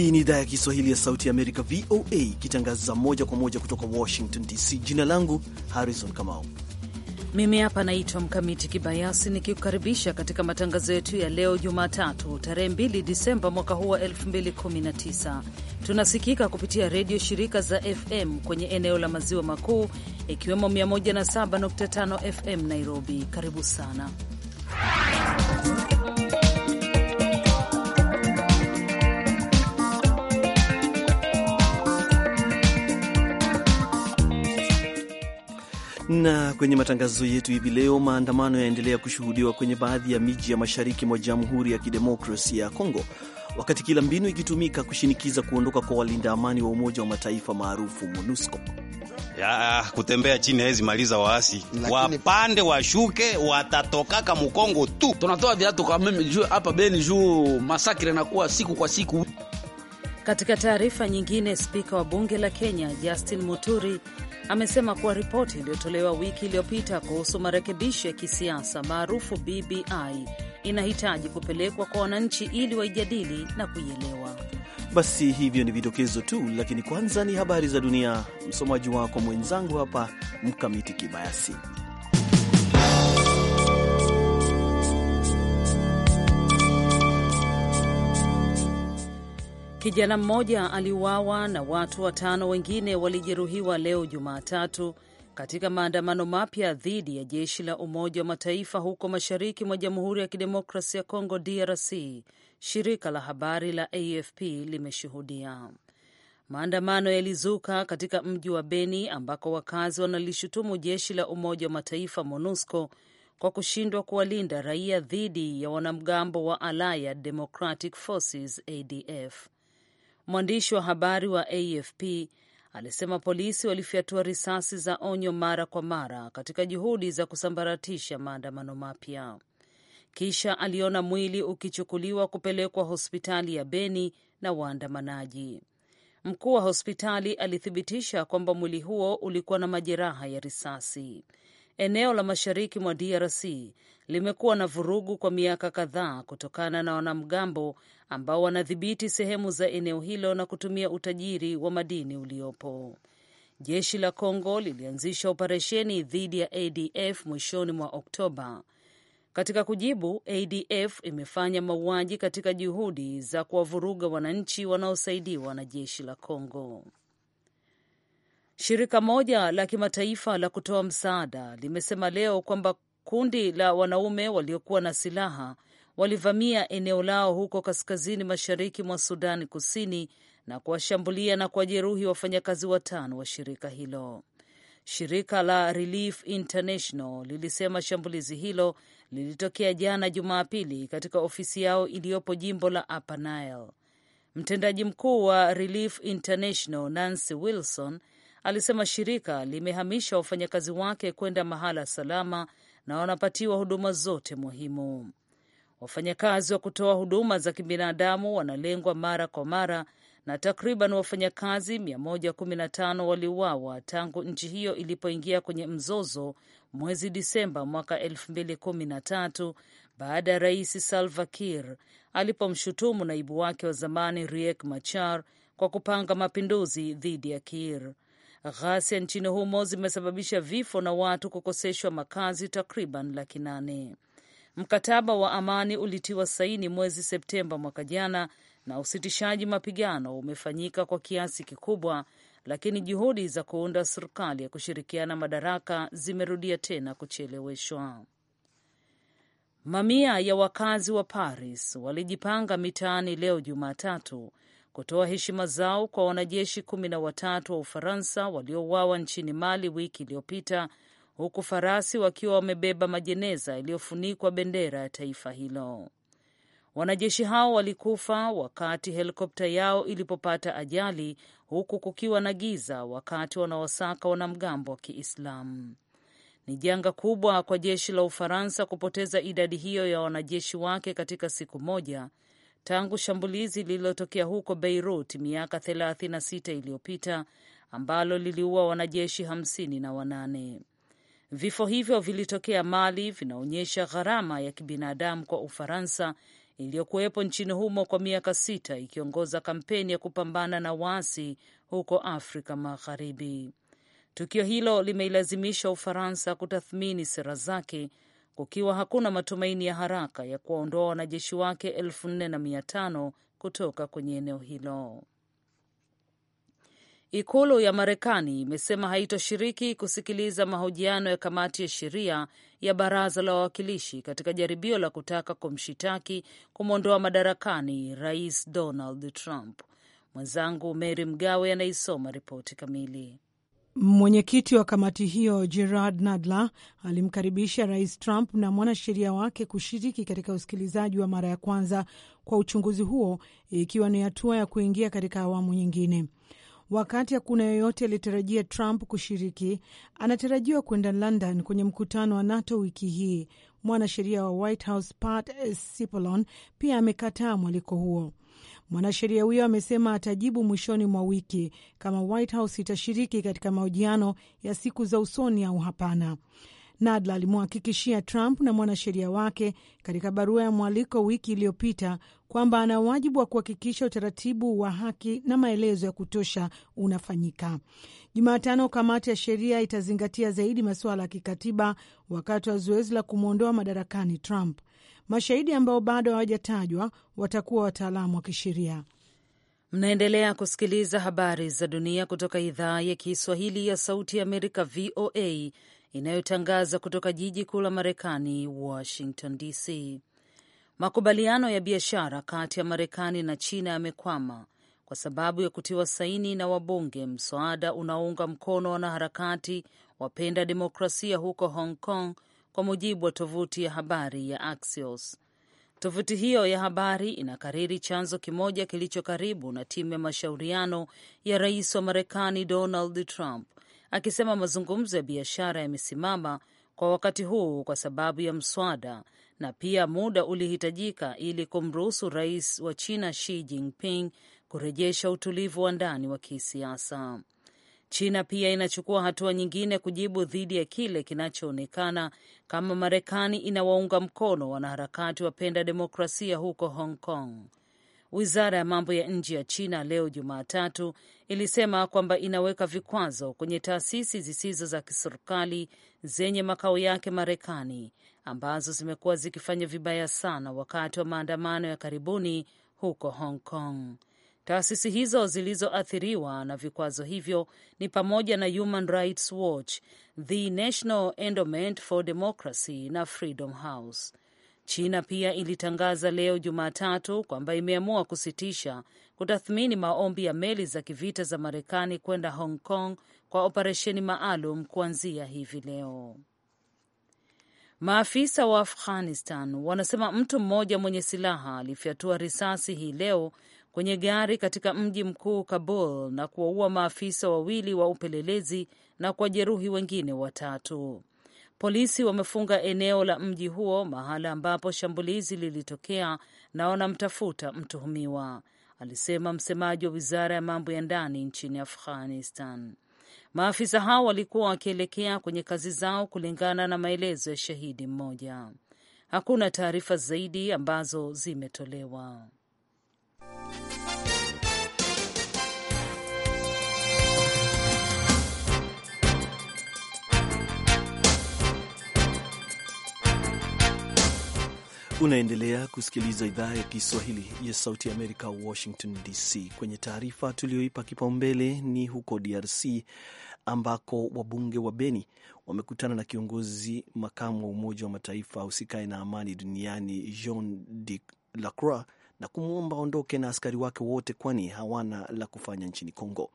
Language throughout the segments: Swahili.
Hii ni idhaa ya Kiswahili ya Sauti ya Amerika, VOA, ikitangaza moja kwa moja kutoka Washington DC. Jina langu Harrison Kamau. Mimi hapa naitwa Mkamiti Kibayasi nikikukaribisha katika matangazo yetu ya leo Jumatatu, tarehe 2 Disemba mwaka huu wa 2019. Tunasikika kupitia redio shirika za FM kwenye eneo la maziwa makuu ikiwemo 107.5 FM Nairobi. Karibu sana Na kwenye matangazo yetu hivi leo, maandamano yaendelea kushuhudiwa kwenye baadhi ya miji ya mashariki mwa Jamhuri ya Kidemokrasia ya Kongo, wakati kila mbinu ikitumika kushinikiza kuondoka kwa walinda amani wa Umoja wa Mataifa maarufu MONUSCO. Ya, kutembea chini hawezi maliza waasi. Lakini wapande washuke, watatokaka Mukongo tu. Tunatoa viatu kwa mimi juu hapa beni juu masakira nakuwa siku kwa siku. Katika taarifa nyingine, spika wa bunge la Kenya Justin Muturi amesema kuwa ripoti iliyotolewa wiki iliyopita kuhusu marekebisho ya kisiasa maarufu BBI inahitaji kupelekwa kwa wananchi ili waijadili na kuielewa. Basi hivyo ni vidokezo tu, lakini kwanza ni habari za dunia. Msomaji wako mwenzangu hapa Mkamiti Kibayasi. Kijana mmoja aliuawa na watu watano wengine walijeruhiwa leo Jumatatu katika maandamano mapya dhidi ya jeshi la Umoja wa Mataifa huko mashariki mwa Jamhuri ya Kidemokrasia ya Kongo, DRC, shirika la habari la AFP limeshuhudia. Maandamano yalizuka katika mji wa Beni ambako wakazi wanalishutumu jeshi la Umoja wa Mataifa MONUSCO kwa kushindwa kuwalinda raia dhidi ya wanamgambo wa Allied Democratic Forces ADF. Mwandishi wa habari wa AFP alisema polisi walifyatua risasi za onyo mara kwa mara katika juhudi za kusambaratisha maandamano mapya. Kisha aliona mwili ukichukuliwa kupelekwa hospitali ya Beni na waandamanaji. Mkuu wa hospitali alithibitisha kwamba mwili huo ulikuwa na majeraha ya risasi. Eneo la mashariki mwa DRC limekuwa na vurugu kwa miaka kadhaa kutokana na wanamgambo ambao wanadhibiti sehemu za eneo hilo na kutumia utajiri wa madini uliopo. Jeshi la Kongo lilianzisha operesheni dhidi ya ADF mwishoni mwa Oktoba. Katika kujibu, ADF imefanya mauaji katika juhudi za kuwavuruga wananchi wanaosaidiwa na jeshi la Kongo. Shirika moja la kimataifa la kutoa msaada limesema leo kwamba kundi la wanaume waliokuwa na silaha walivamia eneo lao huko kaskazini mashariki mwa Sudani Kusini na kuwashambulia na kuwajeruhi wafanyakazi watano wa shirika hilo. Shirika la Relief International lilisema shambulizi hilo lilitokea jana Jumapili katika ofisi yao iliyopo jimbo la Upper Nile. Mtendaji mkuu wa Relief International Nancy Wilson alisema shirika limehamisha wafanyakazi wake kwenda mahala salama na wanapatiwa huduma zote muhimu. Wafanyakazi wa kutoa huduma za kibinadamu wanalengwa mara kwa mara na takriban wafanyakazi 115 waliuawa tangu nchi hiyo ilipoingia kwenye mzozo mwezi Disemba mwaka 2013 baada ya Rais Salva Kiir alipomshutumu naibu wake wa zamani Riek Machar kwa kupanga mapinduzi dhidi ya Kiir. Ghasia nchini humo zimesababisha vifo na watu kukoseshwa makazi takriban laki nane. Mkataba wa amani ulitiwa saini mwezi Septemba mwaka jana na usitishaji mapigano umefanyika kwa kiasi kikubwa, lakini juhudi za kuunda serikali ya kushirikiana madaraka zimerudia tena kucheleweshwa. Mamia ya wakazi wa Paris walijipanga mitaani leo Jumatatu kutoa heshima zao kwa wanajeshi kumi na watatu wa Ufaransa waliouawa nchini Mali wiki iliyopita, huku farasi wakiwa wamebeba majeneza yaliyofunikwa bendera ya taifa hilo. Wanajeshi hao walikufa wakati helikopta yao ilipopata ajali, huku kukiwa na giza wakati wanawasaka wanamgambo wa Kiislamu. Ni janga kubwa kwa jeshi la Ufaransa kupoteza idadi hiyo ya wanajeshi wake katika siku moja, tangu shambulizi lililotokea huko Beirut miaka 36 iliyopita ambalo liliua wanajeshi hamsini na wanane. Vifo hivyo vilitokea Mali, vinaonyesha gharama ya kibinadamu kwa Ufaransa iliyokuwepo nchini humo kwa miaka sita ikiongoza kampeni ya kupambana na waasi huko Afrika Magharibi. Tukio hilo limeilazimisha Ufaransa kutathmini sera zake kukiwa hakuna matumaini ya haraka ya kuwaondoa wanajeshi wake elfu nne na mia tano kutoka kwenye eneo hilo. Ikulu ya Marekani imesema haitoshiriki kusikiliza mahojiano ya kamati ya sheria ya baraza la wawakilishi katika jaribio la kutaka kumshitaki kumwondoa madarakani Rais Donald Trump. Mwenzangu Mary Mgawe anaisoma ripoti kamili. Mwenyekiti wa kamati hiyo Gerard Nadler alimkaribisha Rais Trump na mwanasheria wake kushiriki katika usikilizaji wa mara ya kwanza kwa uchunguzi huo, ikiwa ni hatua ya kuingia katika awamu nyingine. Wakati hakuna yoyote alitarajia Trump kushiriki, anatarajiwa kwenda London kwenye mkutano wa NATO wiki hii. Mwanasheria wa White House Pat Cipollone pia amekataa mwaliko huo. Mwanasheria huyo amesema atajibu mwishoni mwa wiki kama White House itashiriki katika mahojiano ya siku za usoni au hapana. Nadler alimhakikishia Trump na mwanasheria wake katika barua ya mwaliko wiki iliyopita kwamba ana wajibu wa kuhakikisha utaratibu wa haki na maelezo ya kutosha unafanyika. Jumatano, kamati ya sheria itazingatia zaidi masuala ya kikatiba wakati wa zoezi la kumwondoa madarakani Trump. Mashahidi ambao bado hawajatajwa watakuwa wataalamu wa kisheria. Mnaendelea kusikiliza habari za dunia kutoka idhaa ya Kiswahili ya Sauti ya Amerika, VOA, inayotangaza kutoka jiji kuu la Marekani, Washington DC. Makubaliano ya biashara kati ya Marekani na China yamekwama kwa sababu ya kutiwa saini na wabunge mswada unaounga mkono wanaharakati wapenda demokrasia huko Hong Kong, kwa mujibu wa tovuti ya habari ya Axios. Tovuti hiyo ya habari inakariri chanzo kimoja kilicho karibu na timu ya mashauriano ya rais wa Marekani Donald Trump akisema mazungumzo ya biashara yamesimama kwa wakati huu kwa sababu ya mswada na pia muda ulihitajika ili kumruhusu rais wa China Xi Jinping kurejesha utulivu wa ndani wa kisiasa. China pia inachukua hatua nyingine kujibu dhidi ya kile kinachoonekana kama Marekani inawaunga mkono wanaharakati wapenda demokrasia huko Hong Kong. Wizara ya mambo ya nje ya China leo Jumatatu ilisema kwamba inaweka vikwazo kwenye taasisi zisizo za kiserikali zenye makao yake Marekani ambazo zimekuwa zikifanya vibaya sana wakati wa maandamano ya karibuni huko Hong Kong. Taasisi hizo zilizoathiriwa na vikwazo hivyo ni pamoja na Human Rights Watch, the National Endowment for Democracy na Freedom House. China pia ilitangaza leo Jumatatu kwamba imeamua kusitisha kutathmini maombi ya meli za kivita za Marekani kwenda Hong Kong kwa operesheni maalum kuanzia hivi leo. Maafisa wa Afghanistan wanasema mtu mmoja mwenye silaha alifyatua risasi hii leo kwenye gari katika mji mkuu Kabul na kuwaua maafisa wawili wa upelelezi na jeruhi wengine watatu. Polisi wamefunga eneo la mji huo, mahala ambapo shambulizi lilitokea, na wanamtafuta mtuhumiwa, alisema msemaji wa wizara ya mambo ya ndani nchini Afghanistan. Maafisa hao walikuwa wakielekea kwenye kazi zao, kulingana na maelezo ya shahidi mmoja. Hakuna taarifa zaidi ambazo zimetolewa. Unaendelea kusikiliza idhaa ya Kiswahili ya Sauti ya Amerika, Washington DC. Kwenye taarifa tuliyoipa kipaumbele ni huko DRC ambako wabunge wa Beni wamekutana na kiongozi makamu wa Umoja wa Mataifa usikae na amani duniani Jean de Lacroix na kumwomba aondoke na askari wake wote, kwani hawana la kufanya nchini Kongo.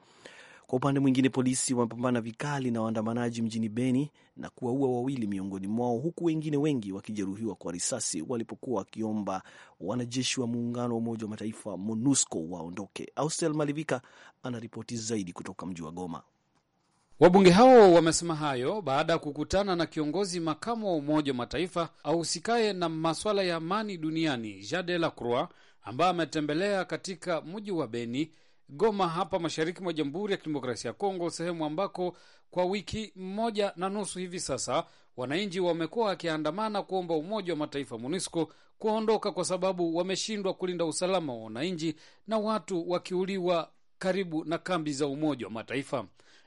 Kwa upande mwingine, polisi wamepambana vikali na waandamanaji mjini Beni na kuwaua wawili miongoni mwao, huku wengine wengi wakijeruhiwa kwa risasi walipokuwa wakiomba wanajeshi wa muungano wa Umoja wa Mataifa MONUSCO waondoke. Austel Malivika anaripoti zaidi kutoka mji wa Goma. Wabunge hao wamesema hayo baada ya kukutana na kiongozi makamu wa Umoja wa Mataifa ahusikaye na maswala ya amani duniani la Delacroix ambaye ametembelea katika mji wa Beni Goma hapa mashariki mwa Jamhuri ya Kidemokrasia ya Kongo, sehemu ambako kwa wiki moja na nusu hivi sasa wananchi wamekuwa wakiandamana kuomba Umoja wa Mataifa MONUSCO kuondoka kwa sababu wameshindwa kulinda usalama wa wananchi na watu wakiuliwa karibu na kambi za Umoja wa Mataifa.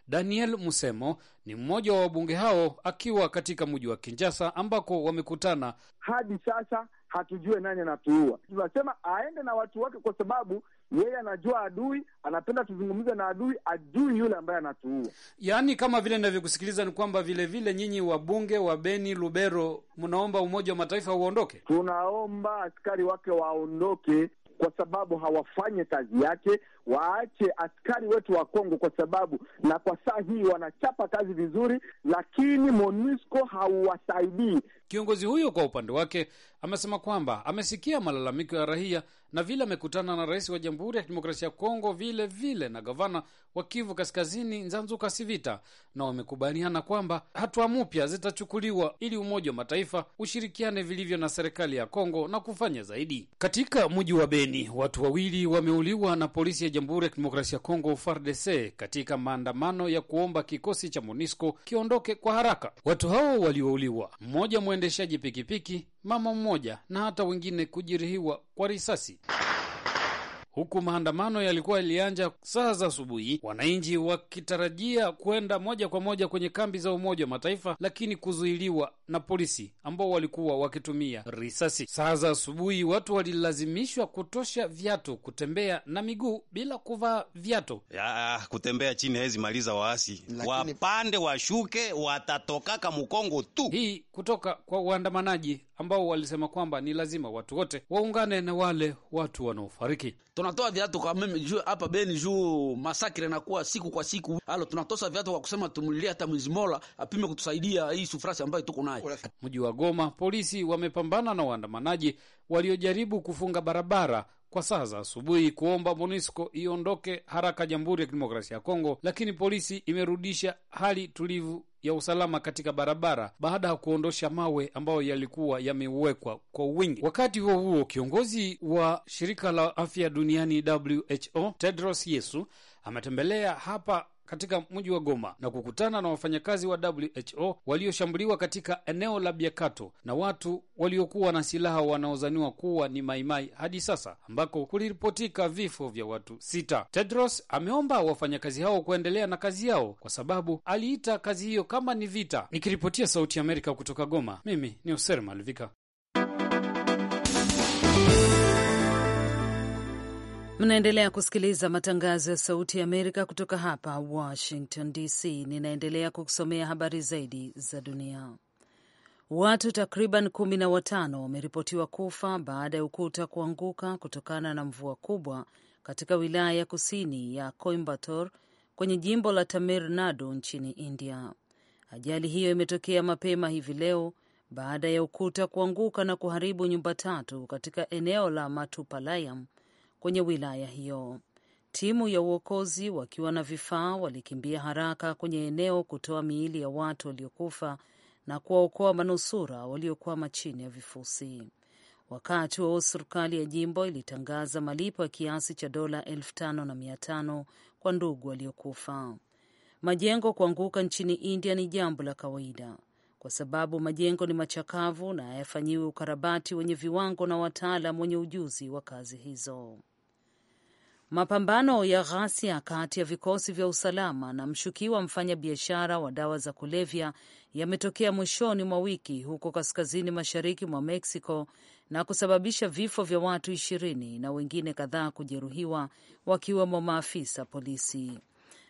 Daniel Musemo ni mmoja wa wabunge hao akiwa katika mji wa Kinshasa ambako wamekutana. Hadi sasa hatujue nani anatuua, tunasema aende na watu wake kwa sababu yeye anajua adui, anapenda tuzungumze na adui, ajui yule ambaye anatuua. Yaani kama vile inavyokusikiliza ni kwamba vilevile nyinyi wabunge wa Beni Lubero mnaomba Umoja wa Mataifa uondoke. Tunaomba askari wake waondoke, kwa sababu hawafanye kazi yake waache askari wetu wa Kongo, kwa sababu na kwa saa hii wanachapa kazi vizuri, lakini MONUSCO hauwasaidii. Kiongozi huyo kwa upande wake amesema kwamba amesikia malalamiko ya raia na vile amekutana na rais wa Jamhuri ya Kidemokrasia ya Kongo, vile vile na gavana wa Kivu Kaskazini Nzanzu Kasivita, na wamekubaliana kwamba hatua mpya zitachukuliwa ili Umoja wa Mataifa ushirikiane vilivyo na serikali ya Kongo na kufanya zaidi. Katika mji wa Beni, watu wawili wameuliwa na polisi ya Jamhuri ya Kidemokrasia ya Kongo FARDC katika maandamano ya kuomba kikosi cha MONUSCO kiondoke kwa haraka. Watu hao waliouliwa, mmoja mwendeshaji pikipiki, mama mmoja, na hata wengine kujeruhiwa kwa risasi huku maandamano yalikuwa yalianja saa za asubuhi, wananchi wakitarajia kwenda moja kwa moja kwenye kambi za Umoja wa Mataifa, lakini kuzuiliwa na polisi ambao walikuwa wakitumia risasi. Saa za asubuhi watu walilazimishwa kutosha viatu, kutembea na miguu bila kuvaa viatu. Ya, kutembea chini hawezi maliza waasi lakini... wapande washuke, watatokaka mkongo tu. Hii kutoka kwa waandamanaji ambao walisema kwamba ni lazima watu wote waungane na wale watu wanaofariki. Tunatoa viatu kwa mimi juu hapa Beni juu masakre nakuwa siku kwa siku, halo tunatosa viatu kwa kusema tumulilia hata mwezi Mola apime kutusaidia hii sufrasi ambayo tuko nayo. Mji wa Goma, polisi wamepambana na waandamanaji waliojaribu kufunga barabara kwa saa za asubuhi kuomba MONUSCO iondoke haraka Jamhuri ya Kidemokrasia ya Kongo, lakini polisi imerudisha hali tulivu ya usalama katika barabara baada ya kuondosha mawe ambayo yalikuwa yamewekwa kwa wingi. Wakati huo huo, kiongozi wa shirika la afya duniani WHO Tedros Yesu ametembelea hapa katika mji wa Goma na kukutana na wafanyakazi wa WHO walioshambuliwa katika eneo la Biakato na watu waliokuwa na silaha wanaozaniwa kuwa ni Maimai hadi sasa ambako kuliripotika vifo vya watu sita. Tedros ameomba wafanyakazi hao kuendelea na kazi yao kwa sababu aliita kazi hiyo kama ni vita. Nikiripotia Sauti ya Amerika kutoka Goma, mimi ni Oser Malvika. Mnaendelea kusikiliza matangazo ya Sauti ya Amerika kutoka hapa Washington DC. Ninaendelea kukusomea habari zaidi za dunia. Watu takriban kumi na watano wameripotiwa kufa baada ya ukuta kuanguka kutokana na mvua kubwa katika wilaya ya kusini ya Coimbatore kwenye jimbo la Tamil Nadu nchini India. Ajali hiyo imetokea mapema hivi leo baada ya ukuta kuanguka na kuharibu nyumba tatu katika eneo la Matupalayam kwenye wilaya hiyo. Timu ya uokozi wakiwa na vifaa walikimbia haraka kwenye eneo kutoa miili ya watu waliokufa na kuwaokoa manusura waliokwama chini ya vifusi. Wakati huo serikali ya jimbo ilitangaza malipo ya kiasi cha dola elfu tano na mia tano kwa ndugu waliokufa. Majengo kuanguka nchini India ni jambo la kawaida kwa sababu majengo ni machakavu na hayafanyiwi ukarabati wenye viwango na wataalam wenye ujuzi wa kazi hizo. Mapambano ya ghasia kati ya vikosi vya usalama na mshukiwa mfanyabiashara wa dawa za kulevya yametokea mwishoni mwa wiki huko kaskazini mashariki mwa Mexico na kusababisha vifo vya watu ishirini na wengine kadhaa kujeruhiwa wakiwemo maafisa polisi.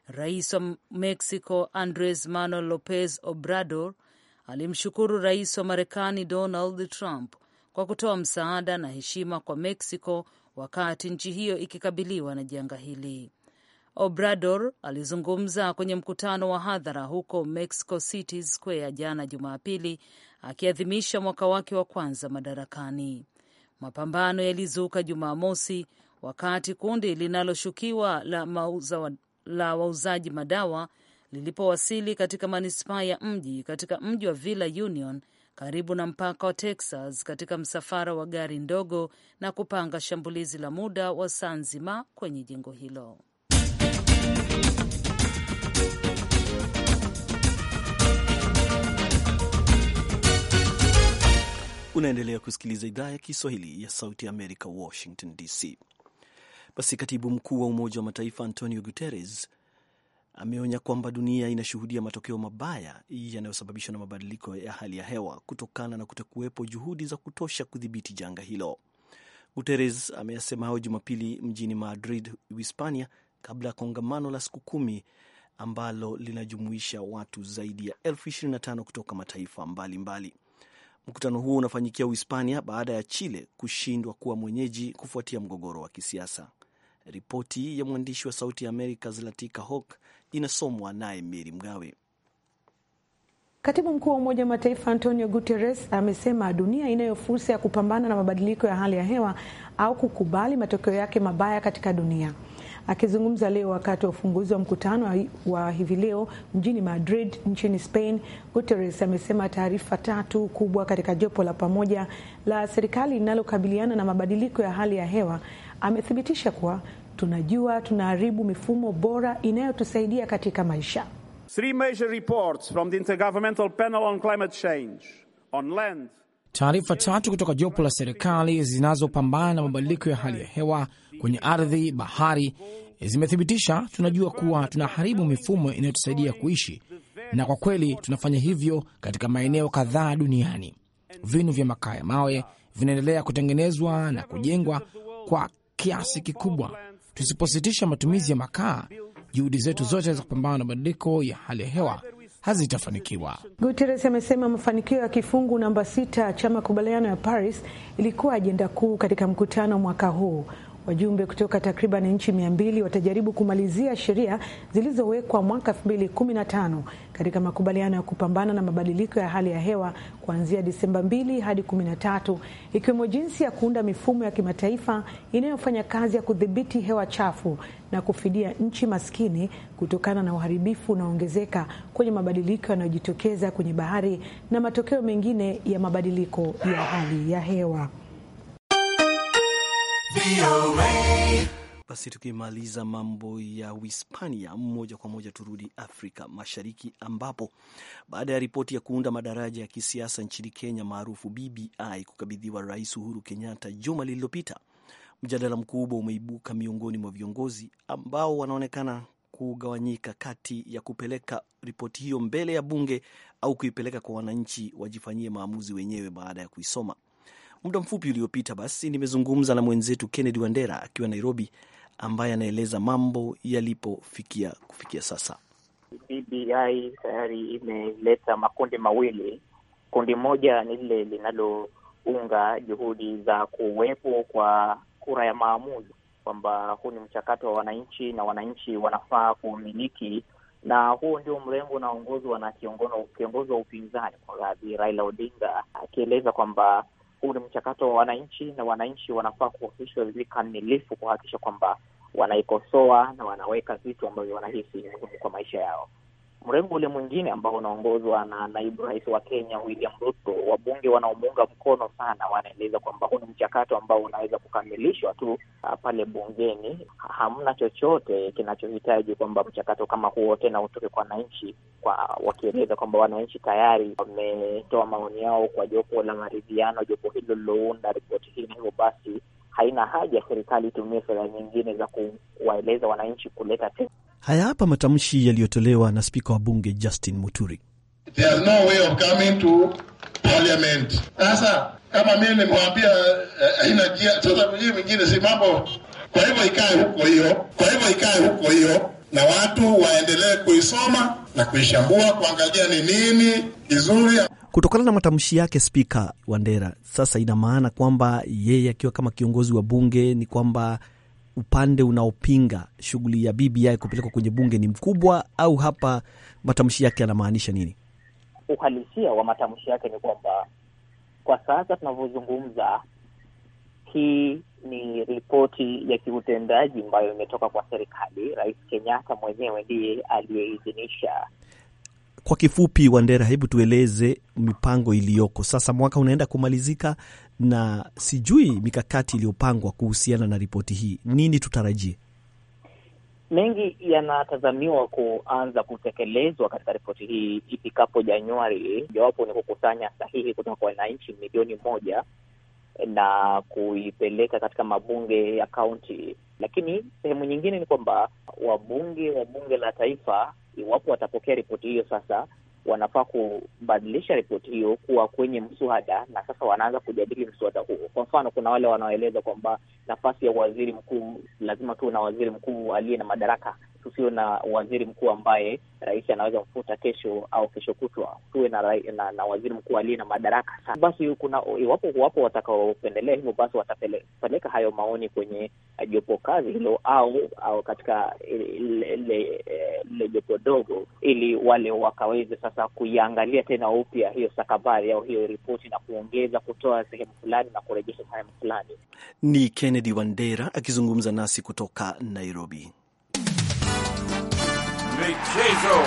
Rais wa Mexico Andres Manuel Lopez Obrador alimshukuru rais wa Marekani Donald Trump kwa kutoa msaada na heshima kwa Mexico wakati nchi hiyo ikikabiliwa na janga hili. Obrador alizungumza kwenye mkutano wa hadhara huko Mexico City Square jana Jumapili, akiadhimisha mwaka wake wa kwanza madarakani. Mapambano yalizuka Jumamosi wakati kundi linaloshukiwa la mauza, la wauzaji madawa lilipowasili katika manispaa ya mji katika mji wa Villa Union karibu na mpaka wa Texas katika msafara wa gari ndogo na kupanga shambulizi la muda wa saa nzima kwenye jengo hilo. Unaendelea kusikiliza idhaa ya Kiswahili ya Sauti ya Amerika, Washington DC. Basi katibu mkuu wa Umoja wa Mataifa Antonio Guterres ameonya kwamba dunia inashuhudia matokeo mabaya yanayosababishwa na mabadiliko ya hali ya hewa kutokana na kutokuwepo juhudi za kutosha kudhibiti janga hilo. Guterres ameyasema hayo Jumapili mjini Madrid, Uhispania, kabla ya kongamano la siku kumi ambalo linajumuisha watu zaidi ya elfu 25 kutoka mataifa mbalimbali mbali. Mkutano huo unafanyikia Uhispania baada ya Chile kushindwa kuwa mwenyeji kufuatia mgogoro wa kisiasa. Ripoti ya mwandishi wa Sauti ya Amerika Zlatika Hawk inasomwa naye Meri Mgawe. Katibu mkuu wa Umoja wa Mataifa Antonio Guterres amesema dunia inayo fursa ya kupambana na mabadiliko ya hali ya hewa au kukubali matokeo yake mabaya katika dunia. Akizungumza leo wakati wa ufunguzi wa mkutano wa hivi leo mjini Madrid nchini Spain, Guterres amesema taarifa tatu kubwa katika jopo la pamoja la serikali linalokabiliana na mabadiliko ya hali ya hewa amethibitisha kuwa tunajua tunaharibu mifumo bora inayotusaidia katika maisha. Three major reports from the Intergovernmental Panel on Climate Change on land. Taarifa tatu kutoka jopo la serikali zinazopambana na mabadiliko ya hali ya hewa kwenye ardhi, bahari zimethibitisha tunajua kuwa tunaharibu mifumo inayotusaidia kuishi, na kwa kweli tunafanya hivyo katika maeneo kadhaa duniani. Vinu vya makaa ya mawe vinaendelea kutengenezwa na kujengwa kwa kiasi kikubwa Tusipositisha matumizi ya makaa, juhudi zetu zote za kupambana na mabadiliko ya hali ya hewa hazitafanikiwa. guteres amesema mafanikio ya kifungu namba sita cha makubaliano ya Paris ilikuwa ajenda kuu katika mkutano mwaka huu Wajumbe kutoka takriban nchi mia mbili watajaribu kumalizia sheria zilizowekwa mwaka kumi tano katika makubaliano ya kupambana na mabadiliko ya hali ya hewa kuanzia Disemba mbili hadi tatu ikiwemo jinsi ya kuunda mifumo ya kimataifa inayofanya kazi ya kudhibiti hewa chafu na kufidia nchi maskini kutokana na uharibifu unaoongezeka kwenye mabadiliko yanayojitokeza kwenye bahari na matokeo mengine ya mabadiliko ya hali ya hewa. Basi tukimaliza mambo ya Uhispania, moja kwa moja turudi Afrika Mashariki, ambapo baada ya ripoti ya kuunda madaraja ya kisiasa nchini Kenya maarufu BBI kukabidhiwa Rais Uhuru Kenyatta juma lililopita, mjadala mkubwa umeibuka miongoni mwa viongozi ambao wanaonekana kugawanyika kati ya kupeleka ripoti hiyo mbele ya bunge au kuipeleka kwa wananchi wajifanyie maamuzi wenyewe baada ya kuisoma. Muda mfupi uliopita basi nimezungumza na mwenzetu Kennedy Wandera akiwa Nairobi, ambaye anaeleza mambo yalipofikia kufikia sasa. BBI tayari imeleta makundi mawili. Kundi moja ni lile linalounga juhudi za kuwepo kwa kura ya maamuzi, kwamba huu ni mchakato wa wananchi na wananchi wanafaa kuumiliki, na huu ndio mrengo unaongozwa na kiongozi wa upinzani kwa radhi, Raila Odinga, akieleza kwamba huu ni mchakato wa wananchi, na wananchi wanafaa kuhusishwa vikamilifu kuhakikisha kwamba wanaikosoa na wanaweka vitu ambavyo wanahisi ni muhimu kwa maisha yao mrengo ule mwingine ambao unaongozwa na naibu rais wa Kenya William Ruto, wabunge wanaomuunga mkono sana wanaeleza kwamba huu ni mchakato ambao unaweza kukamilishwa tu uh, pale bungeni. Hamna chochote kinachohitaji kwamba mchakato kama huo tena utoke kwa wananchi, kwa wakieleza kwamba wananchi tayari wametoa maoni yao kwa jopo la maridhiano, jopo hilo lilounda ripoti hii, na hivyo basi haina haja serikali itumie fedha nyingine za kuwaeleza wananchi kuleta tena Haya hapa matamshi yaliyotolewa na spika wa bunge Justin Muturi. Sasa kama mimi nimewambia eh, haina njia sasa, mwingine si mambo. Kwa hivyo ikae huko hiyo, kwa hivyo ikae huko hiyo, na watu waendelee kuisoma na kuishambua, kuangalia ni nini kizuri. Kutokana na matamshi yake Spika Wandera, sasa ina maana kwamba yeye akiwa kama kiongozi wa bunge ni kwamba upande unaopinga shughuli ya BBI kupelekwa kwenye bunge ni mkubwa, au hapa matamshi yake yanamaanisha nini? Uhalisia wa matamshi yake ni kwamba kwa sasa tunavyozungumza, hii ni ripoti ya kiutendaji ambayo imetoka kwa serikali. Rais Kenyatta mwenyewe ndiye aliyeidhinisha kwa kifupi, Wandera, hebu tueleze mipango iliyoko sasa. Mwaka unaenda kumalizika na sijui mikakati iliyopangwa kuhusiana na ripoti hii, nini tutarajie? Mengi yanatazamiwa kuanza kutekelezwa katika ripoti hii ifikapo Januari. Mojawapo ni kukusanya sahihi kutoka kwa wananchi milioni moja na kuipeleka katika mabunge ya kaunti. Lakini sehemu nyingine ni kwamba wabunge wa bunge la taifa, iwapo watapokea ripoti hiyo sasa wanafaa kubadilisha ripoti hiyo kuwa kwenye mswada, na sasa wanaanza kujadili mswada huo. Kwa mfano, kuna wale wanaoeleza kwamba nafasi ya waziri mkuu lazima tuwe na waziri mkuu aliye na madaraka tusiwe na waziri mkuu ambaye rais anaweza kufuta kesho au kesho kutwa, tuwe na, na, na waziri mkuu aliye na madaraka sana. Basi kuna iwapo wapo watakaopendelea hivyo, basi watapeleka hayo maoni kwenye jopo kazi hilo au au katika lile jopo dogo, ili wale wakaweze sasa kuiangalia tena upya hiyo sakabari au hiyo ripoti na kuongeza kutoa sehemu fulani na kurejesha sehemu fulani. Ni Kennedy Wandera akizungumza nasi kutoka Nairobi. Michezo.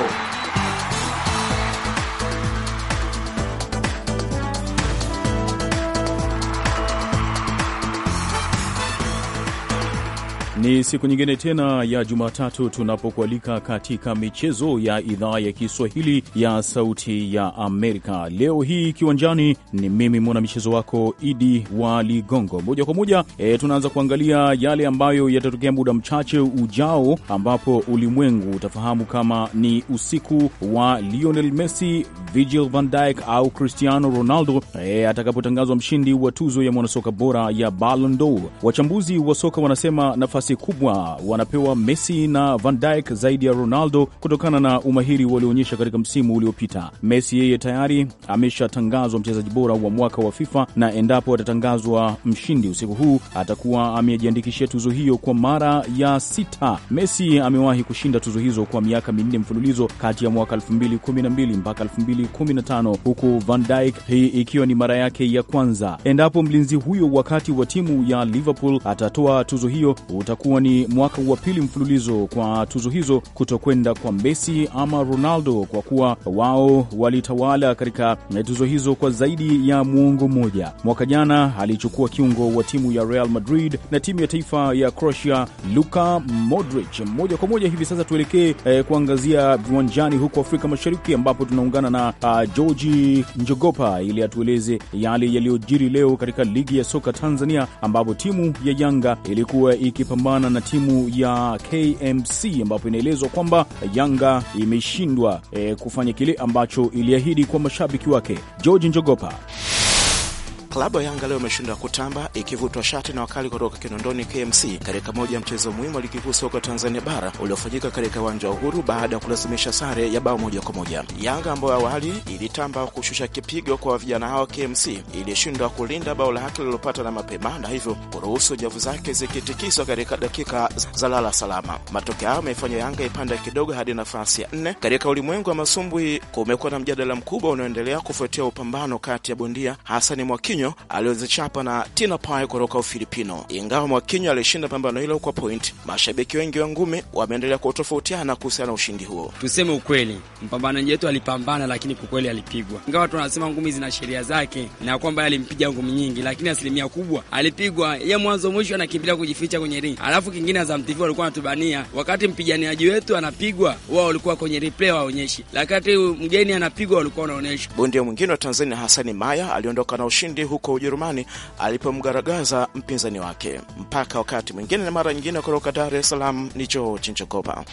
Ni siku nyingine tena ya Jumatatu tunapokualika katika michezo ya idhaa ya Kiswahili ya Sauti ya Amerika. Leo hii kiwanjani ni mimi mwanamichezo wako Idi wa Ligongo. Moja kwa moja e, tunaanza kuangalia yale ambayo yatatokea muda mchache ujao, ambapo ulimwengu utafahamu kama ni usiku wa Lionel Messi, Virgil van Dijk au Cristiano Ronaldo e, atakapotangazwa mshindi wa tuzo ya mwanasoka bora ya Ballon d'Or. Wachambuzi wa soka wanasema nafasi nafasi kubwa wanapewa Messi na Van Dijk zaidi ya Ronaldo kutokana na umahiri walioonyesha katika msimu uliopita. Messi yeye tayari ameshatangazwa mchezaji bora wa mwaka wa FIFA, na endapo atatangazwa mshindi usiku huu atakuwa amejiandikishia tuzo hiyo kwa mara ya sita. Messi amewahi kushinda tuzo hizo kwa miaka minne mfululizo kati ya mwaka 2012 mpaka 2015, huku Van Dijk hii ikiwa ni mara yake ya kwanza. Endapo mlinzi huyo wakati wa timu ya Liverpool atatoa tuzo hiyo uta utakuwa ni mwaka wa pili mfululizo kwa tuzo hizo kutokwenda kwa Messi ama Ronaldo, kwa kuwa wao walitawala katika tuzo hizo kwa zaidi ya muongo mmoja. Mwaka jana alichukua kiungo wa timu ya Real Madrid na timu ya taifa ya Croatia Luka Modric. Moja kwa moja hivi sasa tuelekee eh, kuangazia viwanjani huko Afrika Mashariki ambapo tunaungana na uh, Georgi Njogopa ili atueleze yale yaliyojiri leo katika ligi ya soka Tanzania ambapo timu ya Yanga ilikuwa ikipa kupambana na timu ya KMC ambapo inaelezwa kwamba Yanga imeshindwa e, kufanya kile ambacho iliahidi kwa mashabiki wake. George Njogopa Klabu ya Yanga leo imeshindwa kutamba ikivutwa shati na wakali kutoka Kinondoni KMC katika moja ya mchezo muhimu wa ligi kuu soka Tanzania bara uliofanyika katika uwanja wa Uhuru baada ya kulazimisha sare ya bao moja kwa moja. Yanga ambayo awali ilitamba kushusha kipigo kwa vijana hao KMC ilishindwa kulinda bao lake lililopata na mapema na hivyo kuruhusu nyavu zake zikitikiswa katika dakika za lala salama. Matokeo hayo amefanya Yanga ipanda kidogo hadi nafasi ya nne. Katika ulimwengu wa masumbwi kumekuwa na mjadala mkubwa unaoendelea kufuatia upambano kati ya bondia Hasani Mwakinyo Mwakinyo aliozichapa na Tina Pai kutoka Ufilipino. Ingawa Mwakinyo alishinda pambano hilo kwa point, mashabiki wengi wa ngumi wameendelea kutofautiana kuhusiana na ushindi huo. Tuseme ukweli, mpambanaji wetu alipambana, lakini kwa kweli alipigwa. Ingawa tunasema ngumi zina sheria zake na kwamba alimpiga ngumi nyingi, lakini asilimia kubwa alipigwa ye, mwanzo mwisho anakimbilia kujificha kwenye ring. Alafu kingine Azam TV walikuwa wanatubania wakati mpiganiaji wetu anapigwa, wao walikuwa kwenye replay waonyeshi, lakati mgeni anapigwa walikuwa wanaonyesha. Bondia mwingine wa Tanzania Hasani Maya aliondoka na ushindi huko Ujerumani alipomgaragaza mpinzani wake. Mpaka wakati mwingine na mara nyingine, kutoka Dar es Salaam ni George Njogopa.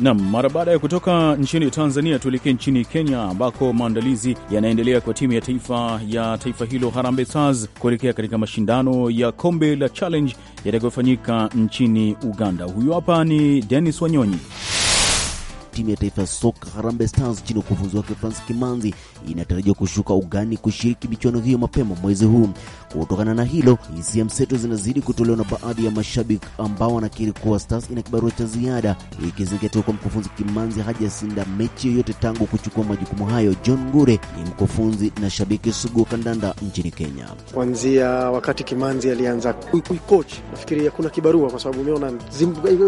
Nam, mara baada ya kutoka nchini Tanzania tuelekee nchini Kenya ambako maandalizi yanaendelea kwa timu ya taifa ya taifa hilo Harambee Stars kuelekea katika mashindano ya kombe la Challenge yatakayofanyika nchini Uganda. Huyu hapa ni Dennis Wanyonyi timu ya taifa ya soka Harambee Stars chini ya ukufunzi wake Francis Kimanzi inatarajiwa kushuka ugani kushiriki michuano hiyo mapema mwezi huu. Kutokana na hilo, hisia mseto zinazidi kutolewa na baadhi ya mashabiki ambao wanakiri kuwa Stars ina kibarua cha ziada, ikizingatiwa kuwa mkufunzi Kimanzi hajashinda mechi yoyote tangu kuchukua majukumu hayo. John Ngure ni mkufunzi na shabiki sugu wa kandanda nchini Kenya. Kuanzia wakati Kimanzi alianza kuikoch, nafikiri hakuna kibarua, kwa sababu umeona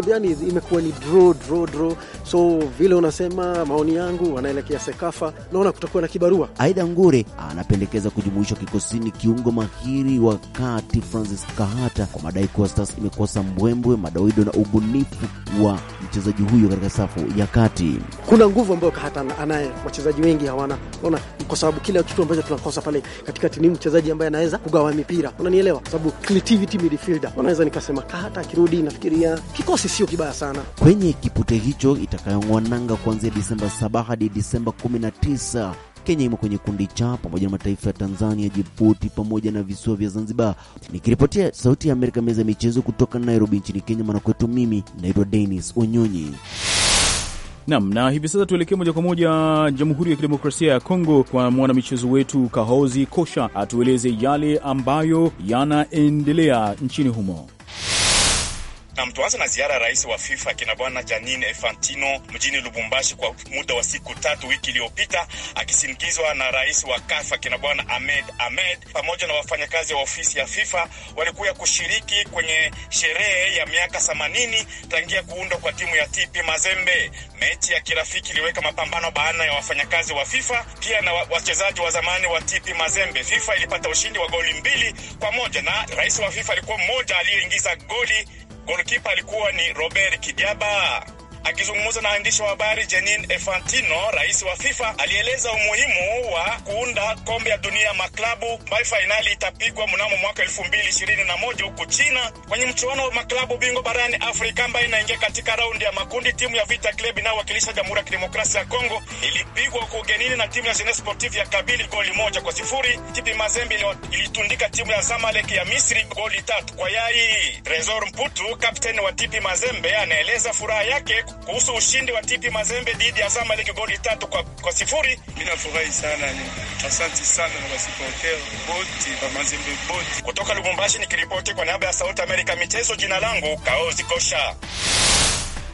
yani imekuwa ni draw, draw, draw. so vile unasema maoni yangu wanaelekea Sekafa, naona kutakuwa na kibarua. aida Ngure anapendekeza kujumuishwa kikosini kiungo mahiri wa kati Francis Kahata kwa madai kuwa Stars imekosa mbwembwe, madoido na ubunifu wa mchezaji huyo katika safu ya kati. Kuna nguvu ambayo Kahata anaye, wachezaji wengi hawana. Unaona, kwa sababu kila kitu ambacho tunakosa pale katikati ni mchezaji ambaye anaweza kugawa mipira, unanielewa? Sababu creativity midfielder, unaweza nikasema Kahata akirudi, nafikiria kikosi sio kibaya sana kwenye kipute hicho itakayong'wana nanga kuanzia Disemba 7 hadi Disemba 19. Kenya imo kwenye kundi cha pamoja na mataifa ya Tanzania, Jibuti pamoja na visiwa vya Zanzibar. Nikiripotia Sauti ya Amerika, meza ya michezo kutoka Nairobi nchini Kenya, mwanakwetu, mimi naitwa Dennis Onyonyi. Nam na hivi sasa tuelekee moja kwa moja Jamhuri ya Kidemokrasia ya Kongo kwa mwanamichezo wetu Kahozi Kosha atueleze yale ambayo yanaendelea nchini humo. Nam, tuanze na ziara ya rais wa FIFA kina bwana Janine Infantino mjini Lubumbashi kwa muda wa siku tatu wiki iliyopita, akisindikizwa na rais wa KAFA kina bwana Ahmed Ahmed pamoja na wafanyakazi wa ofisi ya FIFA walikuya kushiriki kwenye sherehe ya miaka 80 tangia kuundwa kwa timu ya TP Mazembe. Mechi ya kirafiki iliweka mapambano baina ya wafanyakazi wa FIFA pia na wachezaji wa zamani wa TP Mazembe. FIFA ilipata ushindi wa goli mbili kwa moja na rais wa FIFA alikuwa mmoja aliyeingiza goli Golkipa alikuwa ni Robert Kijaba. Akizungumza na waandishi wa habari, Gianni Infantino, rais wa FIFA, alieleza umuhimu wa kuunda kombe ya dunia maklabu ambayo fainali itapigwa mnamo mwaka moja huku China kwenye mchuano wa maklabu bingwa barani Afrika ambayo inaingia katika raundi ya makundi. Timu ya Vita Club inayowakilisha Jamhuri ya Kidemokrasia ya Kongo ilipigwa huko ugenini na timu ya Jeunesse Sportive ya Kabili goli moja kwa sifuri. Tipi Mazembe ilitundika timu ya Zamalek ya Misri goli tatu kwa yai. Tresor Mputu, kapteni wa Tipi Mazembe, anaeleza furaha yake kuhusu ushindi wa TP Mazembe dhidi ya Zamalek goli tatu kwa, kwa sifuri. Mimi nafurahi sana, ni asante sana na masupporters boti wa Mazembe boti Kutoka Lubumbashi nikiripoti kwa niaba ya Sauti Amerika michezo, jina langu Kaozi Kosha.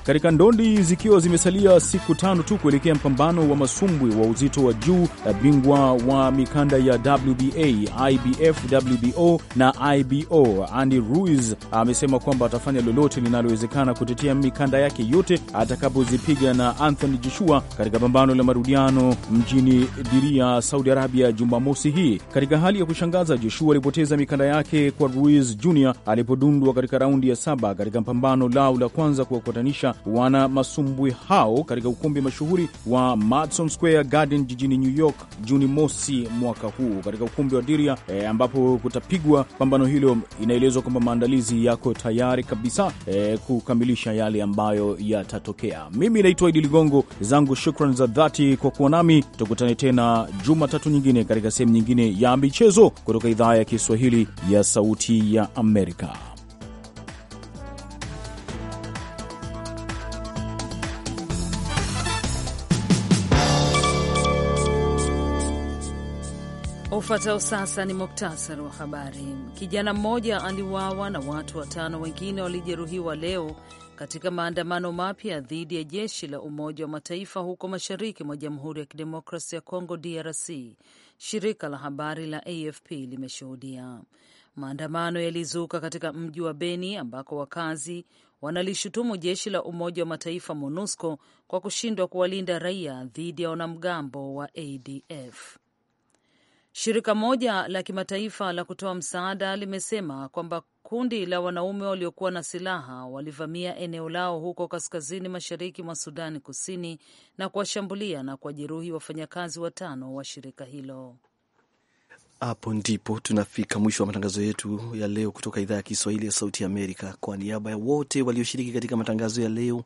Katika ndondi zikiwa zimesalia siku tano tu kuelekea mpambano wa masumbwi wa uzito wa juu, eh, bingwa wa mikanda ya WBA, IBF, WBO na IBO Andy Ruiz amesema kwamba atafanya lolote linalowezekana kutetea mikanda yake yote atakapozipiga na Anthony Joshua katika pambano la marudiano mjini Diria, Saudi Arabia, Jumamosi hii. Katika hali ya kushangaza, Joshua alipoteza mikanda yake kwa Ruiz Jr alipodundwa katika raundi ya saba katika pambano lao la kwanza kuwakutanisha wana masumbwi hao katika ukumbi mashuhuri wa Madison Square Garden jijini New York Juni mosi mwaka huu katika ukumbi wa Diria e, ambapo kutapigwa pambano hilo. Inaelezwa kwamba maandalizi yako tayari kabisa e, kukamilisha yale ambayo yatatokea. Mimi naitwa Idi Ligongo, zangu shukran za dhati kwa kuwa nami. Tukutane tena Jumatatu nyingine katika sehemu nyingine ya michezo kutoka idhaa ya Kiswahili ya Sauti ya Amerika. Ufuatao sasa ni muktasari wa habari. Kijana mmoja aliuawa na watu watano wengine walijeruhiwa leo katika maandamano mapya dhidi ya jeshi la Umoja wa Mataifa huko mashariki mwa Jamhuri ya Kidemokrasia ya Kongo, DRC, shirika la habari la AFP limeshuhudia. Maandamano yalizuka katika mji wa Beni ambako wakazi wanalishutumu jeshi la Umoja wa Mataifa MONUSCO kwa kushindwa kuwalinda raia dhidi ya wanamgambo wa ADF. Shirika moja la kimataifa la kutoa msaada limesema kwamba kundi la wanaume waliokuwa na silaha walivamia eneo lao huko kaskazini mashariki mwa Sudani Kusini na kuwashambulia na kuwajeruhi wafanyakazi watano wa shirika hilo. Hapo ndipo tunafika mwisho wa matangazo yetu ya leo kutoka idhaa ya Kiswahili ya Sauti Amerika. Kwa niaba ya wote walioshiriki katika matangazo ya leo,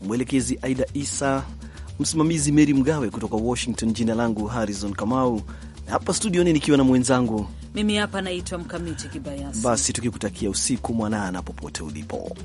mwelekezi Aida Isa, msimamizi Meri Mgawe kutoka Washington, jina langu Harrison Kamau hapa studioni nikiwa na mwenzangu mimi hapa naitwa Mkamiti Kibayasi. Basi tukikutakia usiku mwanana popote ulipo.